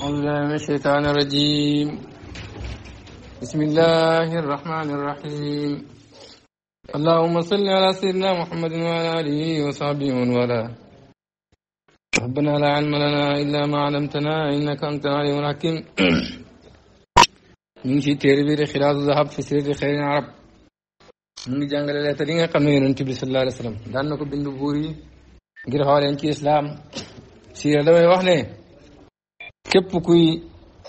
الشيطان الرجيم بسم الله الرحمن الرحيم اللهم صل على سيدنا محمد وعلى آله وصحبه ومن ولا ربنا لا علم لنا إلا ما علمتنا إنك أنت العليم الحكيم نمشي تيري بير خلاص ذهب في سير خير العرب نمشي جانغل الله تلين قمي ننتي صلى الله عليه وسلم دانكو بندو غير حوالين كي إسلام سير الله وحنه képp kuy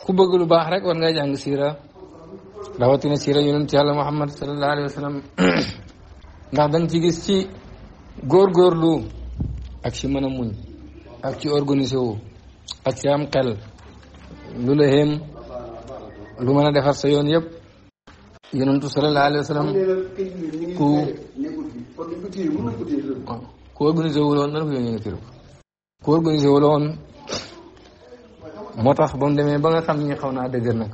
ku bëgg lu baax rek war ngay jàng siira rawatina siira yonent yàlla muhammad sallallahu alayhi wa sallam ndax da nga ci gis ci góorgóorlu ak ci mën a muñ ak ci organisé wu ak ci am xel lu la lu mën a defar sa yoon yëpp yonentu sallallahu alayhi wa ku ku wu loon nan ko yónnee nga ku organisé loon moo tax ba mu demee ba nga xam ni xaw naa dëgër nag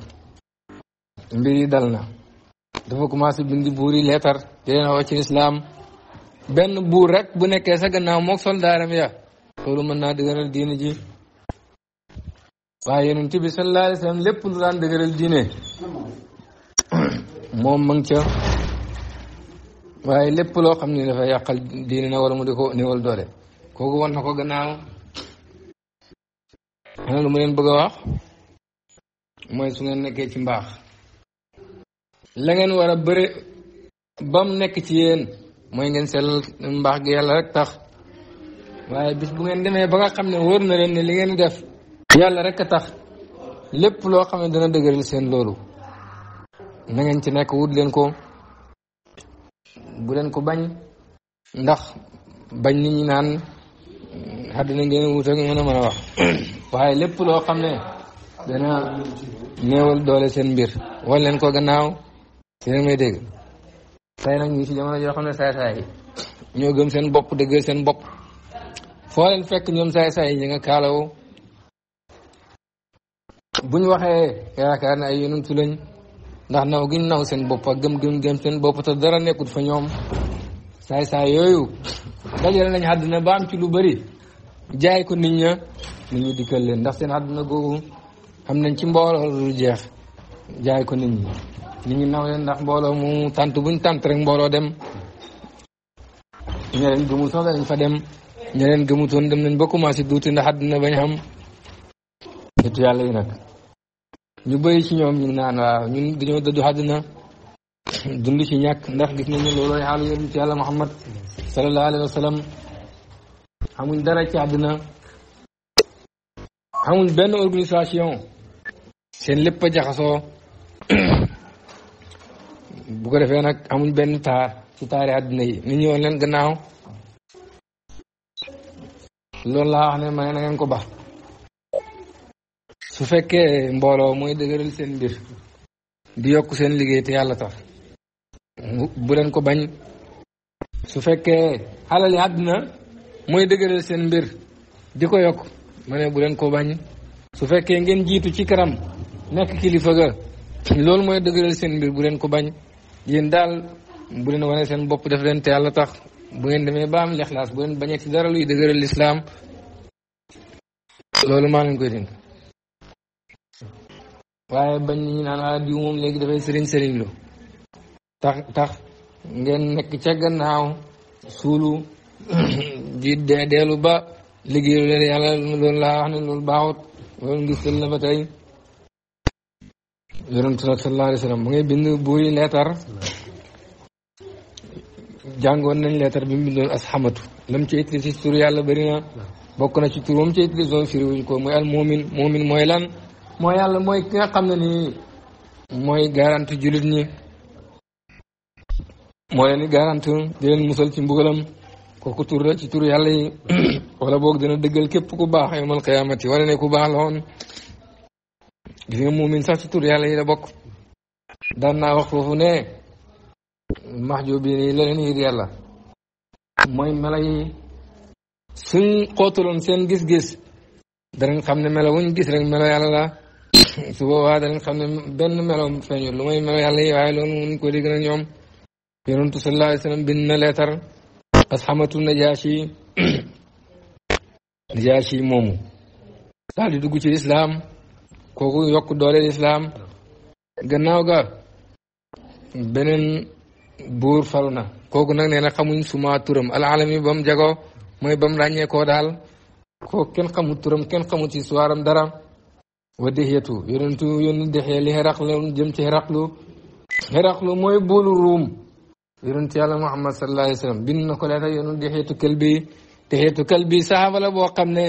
mbir yi dal na dafa commencé bindi buur yi leetar di leen wax ci islaam benn buur rek bu nekkee sa gannaaw mook soldaaram ya loolu mën naa dëgëral diine ji waaye yonent bi sallallahu alayhi wasallam moom ma ngi ca waaye lépp loo xam ne dafa yàqal diine na wala mu di ko doole kooku wan na ko gannaaw ana lu mu leen bëgg a wax mooy su ngeen nekkee ci mbaax la ngeen war a bëre bam nekk ci yéen mooy ngeen sellal mbaax gi yàlla rek tax waaye bis bu ngeen demee ba nga xam ne wóor na leen ne li ngeen def rek a tax lépp loo xam ne dana dëgëral seen loolu na ngeen ci nekk wut leen ko bu leen ko bañ ndax bañ nit ñi naan ndax dina gën a wut ak mën a wax waaye lépp loo xam ne dana néewal doole seen mbir wal leen ko gannaaw si ne may dégg tey ñu si jamono joo xam saay-saay ñoo gëm seen bopp dëggal seen bopp foo leen fekk ñoom saay-saay yi ñi nga kaalaw buñ waxee yaakaar ne ay yonantu lañ ndax naw giñ naw seen bopp gëm-gëm gëm seen bopp te dara nekkut fa ñoom ba am ci lu bëri jaay ko nit ña nit dikkal leen ndax seen àdduna googu xam nañ ci mbooloo lu jeex jaay ko nit ñi nit ndax mbooloo mu tant buñ tant rek mbooloo dem ña leen gëmul sax dañ fa dem ña leen dem nañ ba commencé duuti ndax àdduna bañ xam ñettu yàlla yi nag ñu bëri ci ñoom ñu naan waaw ñun dañoo dëddu àdduna ci ñàkk ndax gis nañ ne loolooy xaalu yonent yàlla Muhammad sallallahu alayhi amuñ dara ci àdduna amuñ benn organisation seen lépp a jaxasoo bu ko defee nag amuñ benn taar ci taari àdduna yi ni ñëwoon leen gannaaw loolu laa wax ne may na ngeen ko ba su fekkee mbooloo mooy dëgëral seen mbir di yokk seen liggéey te yàlla tax bu leen ko bañ su fekkee alali àdduna mooy dëgëral seen mbir di ko yokk ma ne bu leen ko bañ su fekkee ngeen jiitu ci kanam nekk kilifa ga loolu mooy dëgëral seen mbir bu leen ko bañ yéen daal bu leen wane seen bopp def leen te yàlla tax bu ngeen demee ba am lixlaas bu leen bañee ci dara luy dëgëral lislaam loolu maa leen koy dénk waaye bañ ñu naan a ah, léegi dafay sëriñ sëriñ lu tax tax ngeen nekk ca gannaaw suulu di dee deelu ba liggéeyu leen la loolu laa wax ne loolu baaxut loolu ngis tal la ba tey yonent nag sallallahu alayhi wa sallam leetar jàngoon nañ leetar bi mu bindoon lam ci utilisé tur yàlla bëri na bokk na ci tur moom ci utilisé woon firiwuñ ko muy al moomin moomin mooy lan mooy yàlla mooy ki nga ne nii mooy garanti jullit ñi moo leen di garanti di leen musal ci mbugalam kooku tur la ci tur yàlla yi wala boog dana dëggal képp ku baax yawmal qiyaamati wala ne ku baax la muumin sax ci tur yàlla la bokk daan wax foofu ne maxjo bi nii leneen yit yàlla mooy mela yi suñ gis-gis danañ xam ne melo gis rek melo yàlla lu mooy melo yàlla yi waaye loolu mun ko dégg na ñoom yonentu sallallahu alayhi wa asxamatu najaasi najaasi moomu daal di dugg ci lislaam kooku yokk doole lislaam gannaaw ga beneen buur faru na kooku nag nee na xamuñ suma turam alalami ba jago mooy ba mu koo daal kooku kenn xamut turam kenn xamut ci suwaaram dara wa dexetu yonentu yónni dexee li xeraqlu jëm ci xeraqlu xeraqlu mooy buuru ruum yonent yàlla muhammad sallallahu alayhi wa sallam bind na ko leeta di xeetu kël bi te xeetu kël bi saxaaba boo xam ne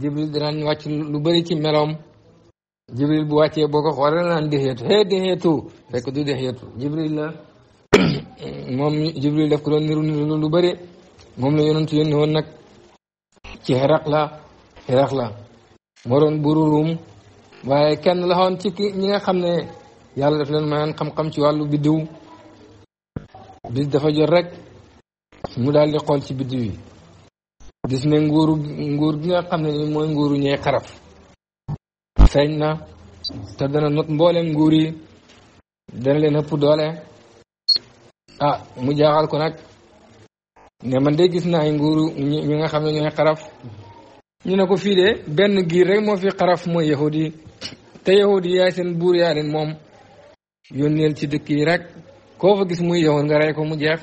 jibril dinañ wàcc lu bari ci meloom jibril bu wàccee boo ko xoolee naan di xeetu jibril la moom jibril daf ko doon niru niru lu bëri moom la yonent yónni woon nag ci xeraq la xeraq la moo doon waaye kenn la xoon ci ñi nga xam ne yàlla daf leen mayoon xam-xam ci wàllu biddiw bis dafa jot rek mu daal di xool ci biddiw yi gis ne nguuru nguur bi nga xam ne ni mooy nguuru ñee xaraf feeñ na te dana not mboolem nguur yi dana leen ëpp doole ah mu jaaxal ko nag ne man de gis naa ay nguuru ñi nga xam ne ñooy xaraf ñu ne ko fii de benn giir rek moo fi xaraf mooy yahudi te yahudi yaay seen buur yaa leen moom yónneel ci dëkk yi rek koo fa gis muy yow nga rey ko mu jeex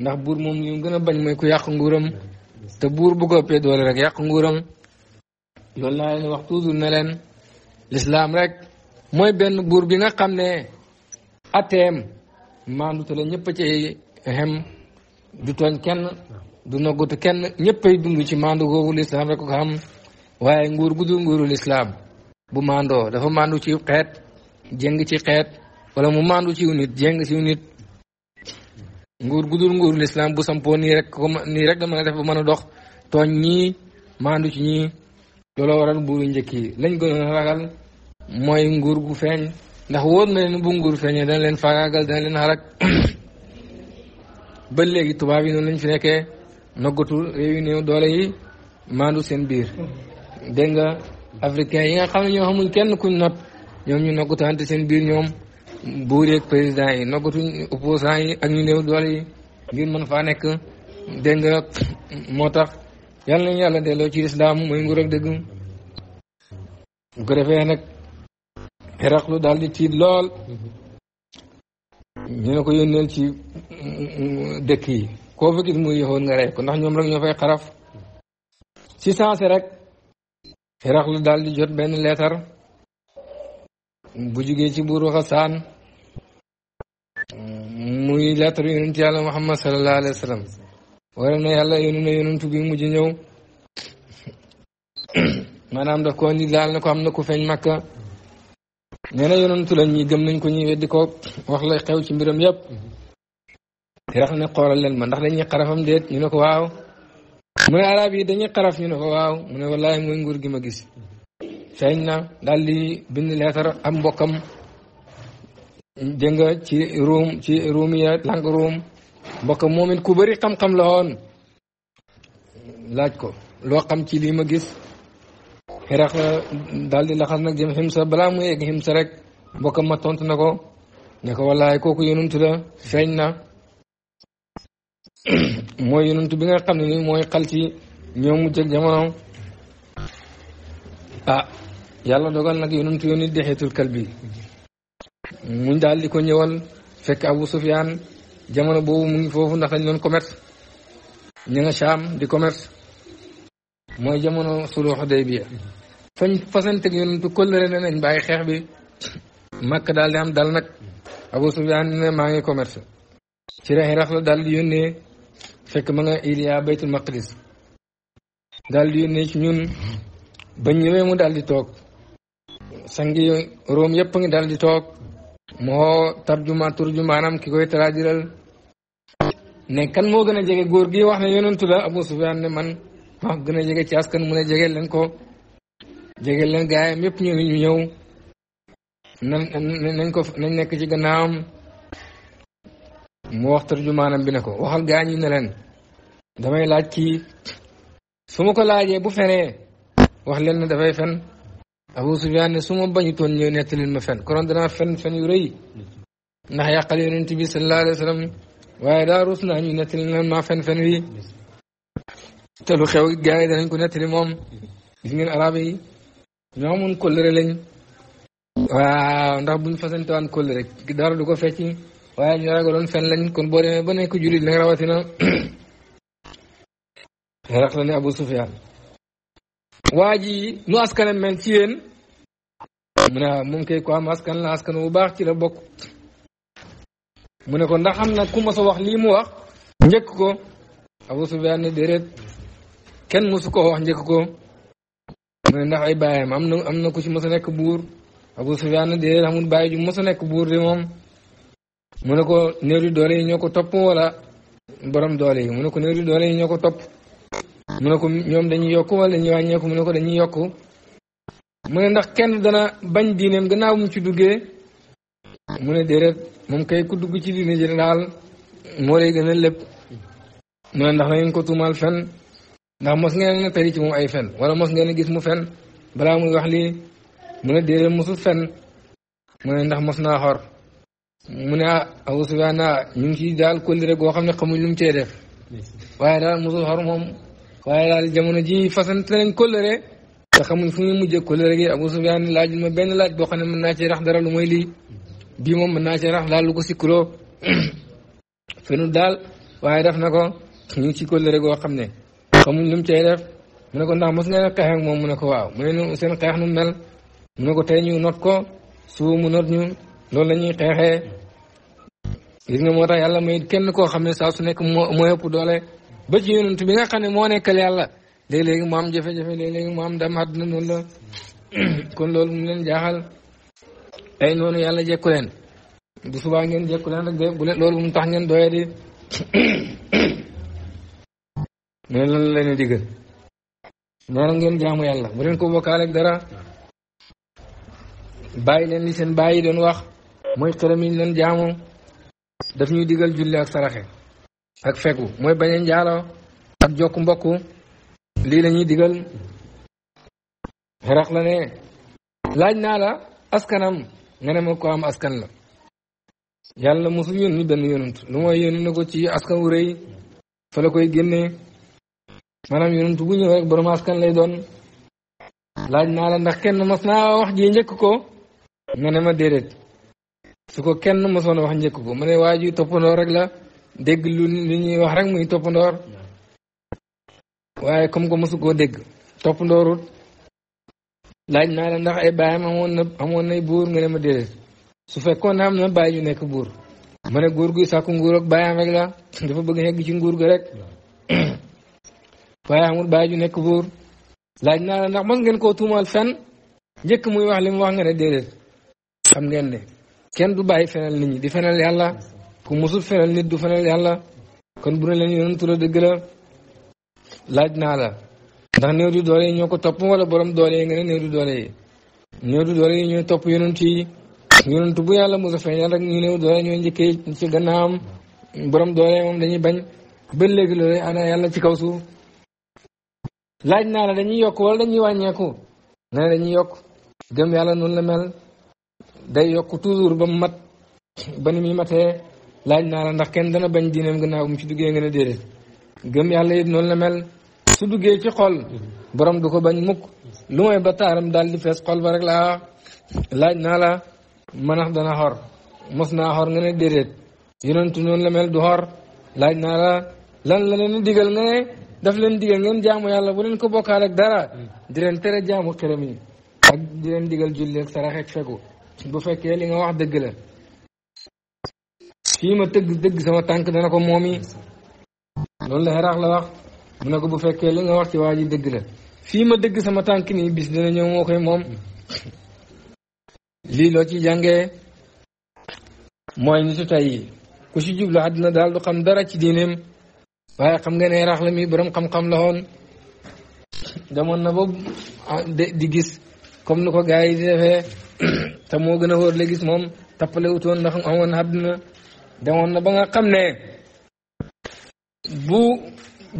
ndax buur moom ñu gën a bañ mooy ku yàq nguuram te buur bu ko rek yàq nguuram loolu laa leen wax toujours ne leen lislaam rek mooy benn buur bi nga xam ne ateem maandute la ñëpp ci ci xem du tooñ kenn du noggatu kenn ñëppay dund ci maandu googu lislaam rek ko xam waaye nguur gu dul nguuru lislaam bu maandoo dafa maandu ci xeet jëng ci xeet wala mu maandu ciw nit jéng ciw nit nguur gudul nguur lislaam bu sampoo nii rek ko nii rek mën a def ba mën a dox tooñ ñii maandu ci ñii looloo waral buuru njëkk yi lañ gën a ragal mooy nguur gu feeñ ndax wóor na leen bu nguur feeñee dana leen faagaagal dana leen xarak léegi tubaab yi noonu lañ fi nekkee noggatu réew yi doole yi maandu seen biir dégg africain yi nga xam ne ñoo xamuñ kenn kuñ not ñoom ñu noggataante seen biir ñoom buur yeeg président yi noggatuñ opposant yi ak ñu néew doole yi ngir mën faa nekk dégg nga moo tax yàlla nañu yàlla delloo ci lislaam mooy nguur ak dëgg bu ko defee nag xeraqlu daal di tiit lool ñu ne ko yónneel ci mm, dëkk yi koo fa muy yoxoon nga rey ndax ñoom rek ñoo fay xaraf ci saase rek xeraqlu daal di jot benn leetar bu jugee ci buuru Xasaan muy lettre yonent yàlla mu sallallahu alayhi wa sallam waral na yàlla yónni na yonentu bi mujj ñëw maanaam daf ko ni daal ko am na ku feeñ Makka nee na yonentu la ñi gëm nañ ko ñi weddi ko wax lay xew ci mbiram yëpp tirax ne xoolal leen ma ndax dañuy xarafam déet ñu ne ko waaw mu ne arab yi xaraf ñu ne ko waaw mu ne wallaahi mooy nguur gi ma gis feeñ na daal di bind leetar am mbokkam dégg nga ci ruum ci ruum ya ruum mbokk moom it ku bari xam-xam la woon laaj ko loo xam ci lii ma gis xerax la daal di laxas nag jëm ximsa balaa muy egg ximsa rek mbokkam ma na ko ne ko wallaay kooku yonuntu la feeñ na mooy yonuntu bi nga xam ne ni mooy xal ci ñoom mu jëg jamono ah yàlla dogal nag yonuntu yoni dexeetul kal bi muñ daal di ko ñëwal fekk Abu Sufyaan jamono boobu mu ngi foofu ndax dañ doon commerce ña nga Saam di commerce mooy jamono sulhu Hudaybiya bi kóllëre ne nañ bàyyi xeex bi Makka daal di am dal nag Abu maa ngi commerce ci raxi di yónnee fekk ma nga Iliya Baytul Maqdis daal di yónnee ci ñun ba ñëwee mu dal di toog sangi Room yëpp ngi dal di toog moo tarjuma turjumaanam ki koy taraajiral ne kan moo gën a jege góor gi wax ne yonentu la Abu Sufyaan ne man maa gën a jege ci askan mu ne jege leen ko jege leen gaayam yëpp ñëw ñu ñëw nañ ko nañ nekk ci gannaawam mu wax tarjumaanam bi ne ko waxal gaañ yi ne leen damay laaj kii su ma ko laajee bu fenee wax leen dafay fen Abu Sufyaan ne su ma bañutoon ñëw nettalil ma fen konoon danaa fen fen yu rëy ndax yàqal yonent bi sallallahu alayhi wa waaye daa ruus naa ñu nettalil nan fen fen wi te lu xew gars yi danañ ko nettali moom gis ngeen arabe yi ñoo amoon kóllëre lañ waaw ndax buñ fasante waan kóllëre dara du ko fecc waaye ñu ragaloon fen lañ kon boo demee ba nekk jullit nag rawatina rax la ne Abu Sufyaan waa ji nu askana mel ci yéen mu ne moom kay ko am askan la askan bu baax ci la bokk mu ne ko ndax xam na ku mos a wax lii mu wax njëkk ko Abu Sufyaan ne déedéet kenn mosu ko wax njëkk ko mu ne ndax ay baayam am na am na ku ci mos a nekk buur Abu Sufyaan ne déedéet amul bàyyi ju mos nekk buur de moom mu ne ko néew doole yi ñoo ko topp wala borom doole yi mu ne ko néew doole yi ñoo ko topp mu ne ko ñoom dañuy yokk wala ñu wàññeeku mu ne ko dañuy yokk mu ne ndax kenn dana bañ diineem gannaaw mu ci duggee mu ne déedéet moom kay ku dugg ci diine ji daal moo lay gën a lépp mu ne ndax ko tuumaal fen ndax mos ngeen na tari ay fen wala mos ngeen gis mu fen balaa muy wax lii mu ne déedéet mosul mu ne ndax mos naa xor mu ne ah Abu Sufyaan ah, ñu ngi ci daal kóllëre goo xam ne xamuñ lu mu def waaye daal mosul xor moom waaye daal jamono ji fasante nañ kóllëre te xamuñ fu muy mujjee kóllëre gi Abu Sufyaan laajul benn laaj boo xam ne mën naa ci rax dara lu mooy lii bii moom mën naa ci rax daal lu ko sikkuloo fenul daal waaye def na ko ñu ngi ci kóllëre goo xam ne xamuñ lu mu cay def mu na ko ndax mos ngeen a xeex moom mu ne ko waaw mu ne seen xeex ne ko tey ñu not ko suuf mu not ñu loolu la ñuy xeexee gis nga moo tax yàlla may kenn koo xam ne saa su nekk moo moo ëpp doole ba ci yonent bi nga xam ne moo nekkal yàlla léegi-léegi mu am jafe-jafe léegi-léegi am dam àdduna noonu la kon loolu mu leen jaaxal ay noonu yàlla jekku leen bu subaa ngeen jekku leen rek de bu leen loolu mu tax ngeen doye di mu ne lan la leen digal nee ngeen jaamu yàlla bu leen ko bokkaaleeg dara bàyyi leen li seen bàyyi doon wax mooy xërëm yi ñu leen jaamu daf ñuy digal julli ak saraxe ak fegu mooy bañ a ak jokk mbokk lii lañuy ñuy digal xarax la ne laaj naa la askanam nga ne ko am askan la yàlla mosul yónni benn yonent lu mooy yónni na ko ci askan wu rëy la koy génnee maanaam yonent bu ñëw rek borom askan lay doon laaj naa la ndax kenn mas naa wax ji njëkk ko nga ne déedéet su ko kenn masoon a wax njëkk ko ma ne waa rek la dégg lu lu ñuy wax rek muy toppandoor waaye comme que mosu koo dégg toppandoorut laaj naa la ndax ay baayam amoon na amoon nay buur nga ne ma déedéet su fekkoon na am na bàyyi ñu nekk buur ma ne góor guy sàkku nguur ak baayam rek la bëgg nekk ci nguur ga rek waaye ju nekk buur laaj naa la ndax mos ngeen koo tuumal fen njëkk muy wax li mu wax nga ne déedéet xam ngeen ne kenn du bàyyi fenal nit ñi di fenal yàlla ku musul fenal nit du fenal yàlla kon bu ne leen yonentu la dëgg la laaj naa la ndax néew du doole yi ñoo ko topp wala borom doole yi nga ne néew du doole yi néew topp yonent yi yonent bu yàlla musa feeñal rek ñu ci gannaawam borom doole moom dañuy bañ ba léegi loolu ana yàlla ci kaw suuf laaj naa la dañuy yokk wala dañuy wàññeeku nga ne dañuy yokk gëm yàlla noonu la mel day yokk toujours ba mu mat ba ni muy matee laaj naa la ndax kenn dana bañ diineem gën a mu ci duggee nga ne déedéet gëm yàlla it noonu la mel su duggee ci xol borom du ko bañ mukk lu mooy ba taaram daal di fees ba rek laa laaj naa la manax dana xor mos naa xor nga ne déedéet yonentu noonu la mel du xor laaj naa la lan la leen digal nga ne daf leen digal ngeen jaamu yàlla bu ko bokkaal dara di leen tere jaamu xiram yi ak di leen digal julli ak bu fekkee li nga wax dëgg la fii ma tëgg dëgg sama tànk dana ko moomi loolu la xeraax la wax mu ne ko bu fekkee li nga wax ci waa ji dëgg la fii ma dëgg sama tànk nii bis dina ñëw moo koy moom lii loo ci jàngee mooy nitu tey yi ku si jublu àdduna daal du xam dara ci diineem waaye xam nga ne xeraax la mii borom xam-xam la woon demoon na boobu ah, di gis comme nu ko gars yi di defee te moo gën a wóor la gis moom tappale utoon ndax amoon àdduna demoon na ba nga xam ne bu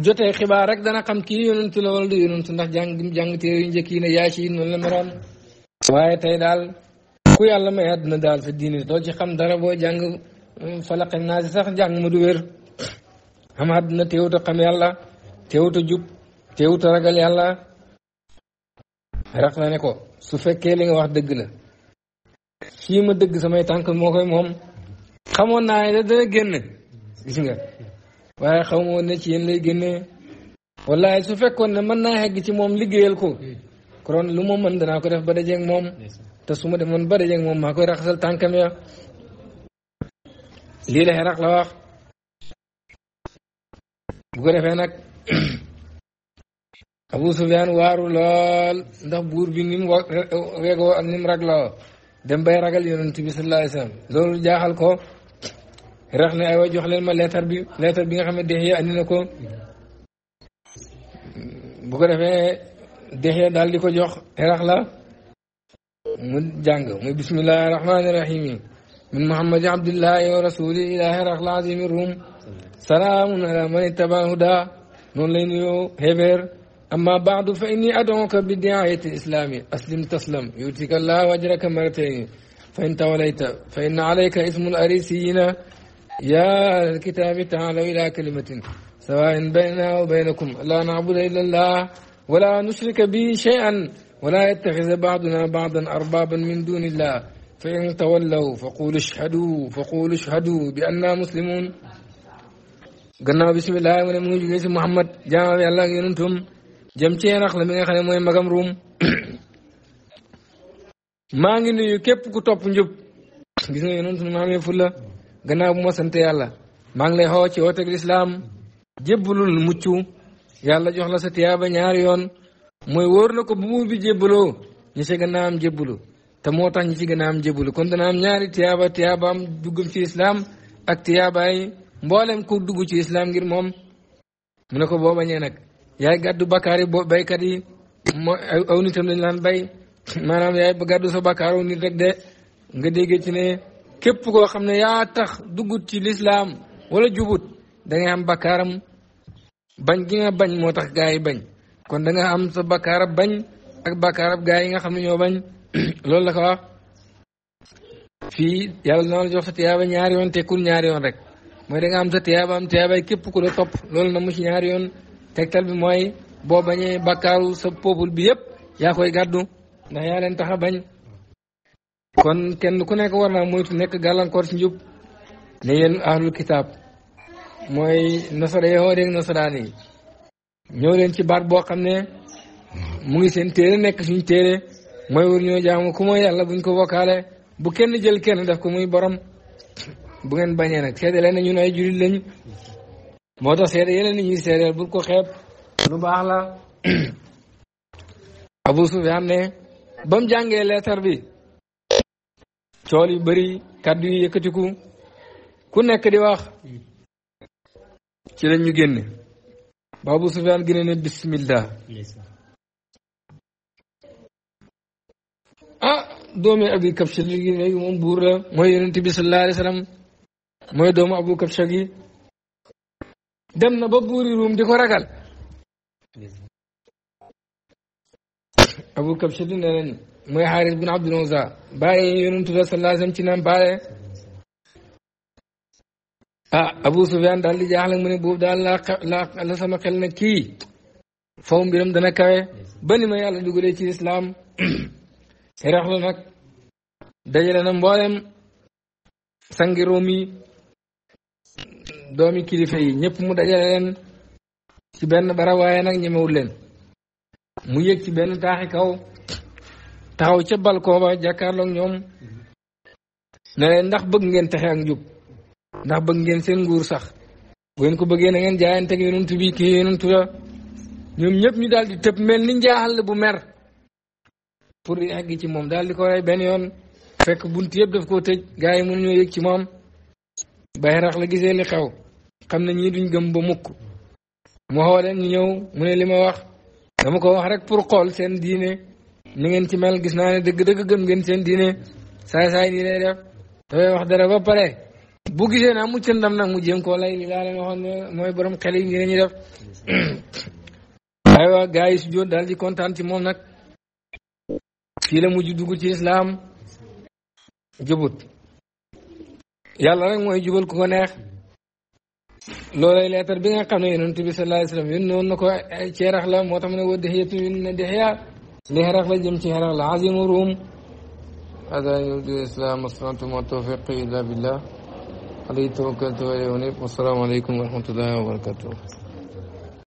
jotee xibaar rek dana xam kii yonentu la wala du yonentu ndax jàng gim jàng téere yu njëkk yaa ci noonu la meroon waaye tey daal ku yàlla may àdduna daal sa diine doo ci xam dara boo jàng um, falaqe naa si sax jàng ma du wér xam àdduna teewut a xam yàlla teewut a jub teewut a ragal yàlla rax na ne su fekkee li nga wax dëgg la fii ma dëgg samay tànk moo koy moom xamoon naa ne dana génn gis nga waaye xamoon ne ci yéen lay génnee wallahi su fekkoon ne mën naa xegg ci moom liggéeyal ko kon lu ma mën danaa ko def ba dajeeg moom te su ma demoon ba dajeeg moom maa koy raxasal tànkam ya lii la xerax la wax bu ko defee nag Abu Sufyaan waaru lool ndax buur bi ni mu wegoo ak ni mu ragloo dem bay ragal yonent bi sallallahu alayhi loolu jaaxal ko رخنا أي واحد يخلي الما لا تربي لا تربي نخمة دهية أنينكم بكرة في دهية دال ديكو جوخ رخلا من جانغ من بسم الله الرحمن الرحيم من محمد عبد الله ورسوله إلى هرق العظيم الروم سلام على من اتبع هدى نون لينيو هبر أما بعد فإني أدعوك بالدعاية الإسلامية أسلم تسلم يؤتيك الله وجرك مرتين فإن توليت فإن عليك اسم الأريسيين يا الكتاب تعالوا إلى كلمة سواء بيننا وبينكم لا نعبد إلا الله ولا نشرك به شيئا ولا يتخذ بعضنا بعضا أربابا من دون الله فإن تولوا فقول اشهدوا فقول اشهدوا بأننا مسلمون قلنا بسم الله من موجي محمد جامع الله ينتم جم تي نخل ميغا خني موي ماغام روم ماغي نيو كيب كو توب نجوب غيسنا ينتم مامي فولا gannaaw bu ma sant yàlla maa ngi lay xoo ci wooteeg lislaam jébbalul mucc yàlla jox la sa tiyaaba ñaari yoon mooy wóor na ko bu mu bi jébbaloo ñi si gën a am jébbalu te moo tax ñi si a am jébbalu kon dana am ñaari tiyaaba tiyaabaam duggam ci lislaam ak tiyaabaay mboolem ku dugg ci lislaam ngir moom mu ne ko boo bañee nag yaay gàddu bakkaar yi boo baykat yi mooy lañ laan bay maanaam yaay gàddu sa bakkaaru nit de nga déggee ci képp koo xam ne yaa tax duggut ci lislaam wala jubut da am bakkaaram bañ gi nga bañ moo tax gaa yi bañ kon da nga am sa bakkaarab bañ ak bakkaarab gaa yi nga xam ne ñoo bañ loolu la ko wax fii yàlla na la jox sa tiyaaba ñaari yoon tekkul ñaari yoon rek mooy da am sa tiyaaba am tiyaabay képp ku la topp loolu na mu ci yoon tegtal bi mooy boo bañee bakkaaru sa peuple bi yépp yaa koy gàddu ndax yaa leen tax bañ kon kenn ku nekk war naa moytu nekk gàllankoor ci njub ne yéen ahlul kitaab mooy nasara yoo dégg nasaraan yi ci baat boo xam ne mu ngi seen téere nekk suñu téere mooy war ñoo jaamu ku mooy yàlla buñ ko bokkaale bu kenn jël kenn def ko muy borom bu ngeen bañee nag seede leen ne ñun ay jurit lañ moo tax seede yeneen nit ñuy seedeel bu ko xeeb lu baax la Abu Sufyaan ne ba jàngee leetar bi cool yu bëri kàddu yu yëkkatiku ku nekk di wax ci lañ ñu génne ba Abu Sufyaan gëne ne bismillah ah doomi Abi Kabsha gi léegi moom buur la mooy yonent bi sallallahu alayhi mooy doomu Abu Kabsha dem na ba buuri ruum di ko ragal Abu Kabsha di ne leen mooy xaaris bin abdul uzza bàyyi yonentu la sallallahu alayhi wasallam ci naam baale ah Abu Sufyaan daal di jaaxle mu boobu daal la sama xel na kii faw mbiram dana kawe ba ni ma yàlla dugalee ci lislaam Heraql nag dajale na mboolem sangi Room doomi kilifa yi ñëpp mu dajale leen ci benn bara waaye nag ñemewul mu yëg ci benn taaxi kaw taxaw ca balcon ba jàkkaarloog ñoom ne leen ndax bëgg ngeen texe ak njub ndax bëgg ngeen seen nguur sax bu ngeen ko bëggee na ngeen jaayanteeg yonent bi kii yonent la ñoom ñëpp ñu daal di tëb mel ni njaaxal bu mer pour di àgg ci moom dal di ko rey benn yoon fekk bunt yëpp daf koo tëj gars yi mënuñoo yëg ci moom ba Xerax la gisee xew xam na ñii duñ gëm ba mukk mu xoo leen ñëw mu ne wax dama ko wax rek pour xool seen diine ni ngeen ci mel gis naa ne dëgg-dëgg gëm ngeen seen diine saay saay nii lay def dafay wax dara ba pare bu gisee naa mu cëndam nag mu jéem koo lay mooy borom xel yi nii la ñuy def aywa gars yi su jóot daal di kontaan ci moom nag fii la mujj dugg ci islaam jubut yàlla rek mooy jubal ku ko neex loolay leetar bi nga xam ne yonent bi sallallahu alayhi wasallam yónni woon na ko ceerax la moo tax mu ne wa dexiyatu yun ne dexiya لهرقل جمش هرقل عظيم روم هذا يريد الإسلام والصلاة والتوفيق إلا بالله عليه توكلت وإليه والسلام عليكم ورحمة الله وبركاته